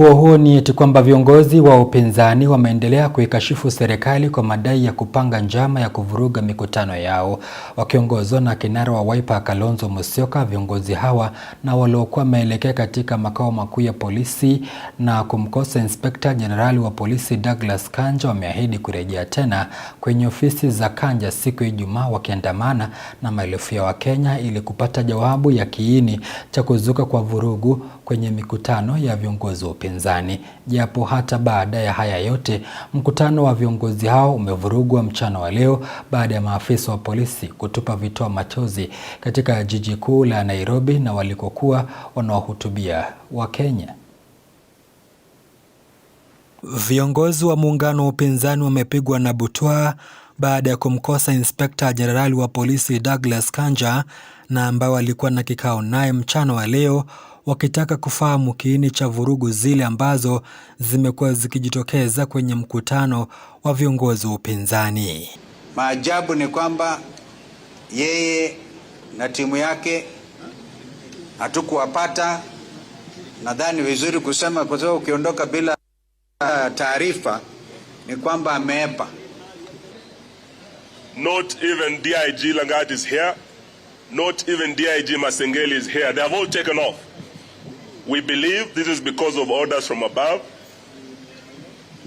Huo huo ni eti kwamba viongozi wa upinzani wameendelea kuikashifu serikali kwa madai ya kupanga njama ya kuvuruga mikutano yao. Wakiongozwa na kinara wa Wiper Kalonzo Musyoka, viongozi hawa na waliokuwa wameelekea katika makao makuu ya polisi na kumkosa Inspekta Jenerali wa polisi Douglas Kanja wameahidi kurejea tena kwenye ofisi za Kanja siku ya Ijumaa, wakiandamana na maelfu ya Wakenya ili kupata jawabu ya kiini cha kuzuka kwa vurugu kwenye mikutano ya viongozi wa upinzani. Japo hata baada ya haya yote, mkutano wa viongozi hao umevurugwa mchana wa leo baada ya maafisa wa polisi kutupa vitoa machozi katika jiji kuu la Nairobi na walikokuwa wanaohutubia Wakenya. Viongozi wa muungano wa upinzani wamepigwa na butwa baada ya kumkosa inspekta jenerali wa polisi Douglas Kanja na ambao alikuwa na kikao naye mchana wa leo wakitaka kufahamu kiini cha vurugu zile ambazo zimekuwa zikijitokeza kwenye mkutano wa viongozi wa upinzani. Maajabu ni kwamba yeye na timu yake hatukuwapata. Nadhani vizuri kusema, kwa sababu ukiondoka bila taarifa ni kwamba ameepa. Not even DIG Langat is here. Not even DIG Masengeli is here. They have all taken off. We believe this is because of orders from above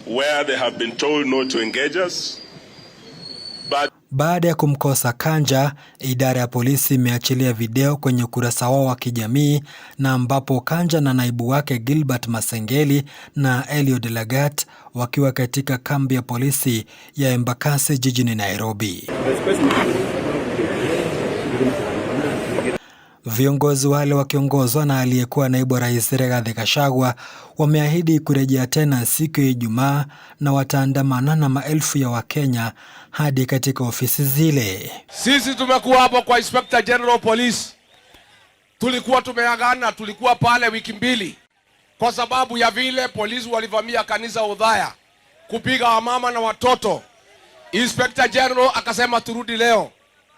where they have been told not to engage us. But... Baada ya kumkosa Kanja, idara ya polisi imeachilia video kwenye ukurasa wao wa kijamii na ambapo Kanja na naibu wake Gilbert Masengeli na Eliud Lagat wakiwa katika kambi ya polisi ya Embakasi jijini Nairobi. Viongozi wale wakiongozwa na aliyekuwa naibu rais Rigathi Gachagua wameahidi kurejea tena siku ya Ijumaa na wataandamana na maelfu ya Wakenya hadi katika ofisi zile. Sisi tumekuwa hapo kwa Inspector General Police, tulikuwa tumeagana, tulikuwa pale wiki mbili kwa sababu ya vile polisi walivamia kanisa udhaya kupiga wamama na watoto. Inspector General akasema turudi leo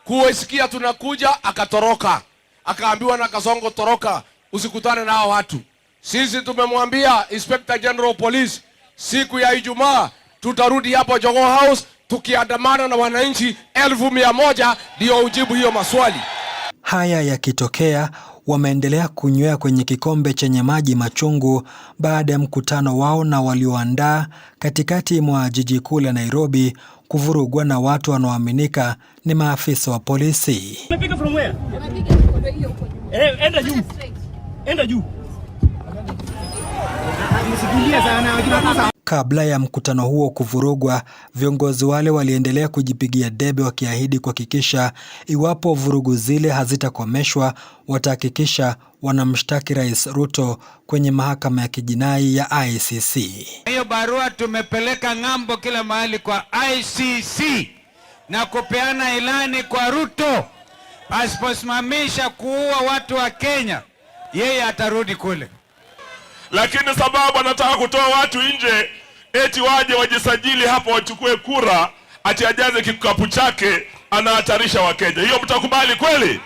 kuwesikia tunakuja, akatoroka akaambiwa na Kasongo, toroka, usikutane na hao watu. Sisi tumemwambia Inspector General Police siku ya Ijumaa tutarudi hapo Jogo House tukiandamana na wananchi elfu mia moja ndio ujibu hiyo maswali. Haya yakitokea, wameendelea kunywea kwenye kikombe chenye maji machungu baada ya mkutano wao na walioandaa katikati mwa jiji kuu la Nairobi kuvurugwa na watu wanaoaminika ni maafisa wa polisi. Eh, enda juu, enda juu. Kabla ya mkutano huo kuvurugwa, viongozi wale waliendelea kujipigia debe wakiahidi kuhakikisha iwapo vurugu zile hazitakomeshwa watahakikisha wanamshtaki Rais Ruto kwenye mahakama ya kijinai ya ICC. Hiyo barua tumepeleka ng'ambo kila mahali kwa ICC na kupeana ilani kwa Ruto asiposimamisha kuua watu wa Kenya, yeye atarudi kule. Lakini sababu anataka kutoa watu nje, eti waje wajisajili hapo wachukue kura, ati ajaze kikapu chake, anahatarisha Wakenya. Hiyo mtakubali kweli?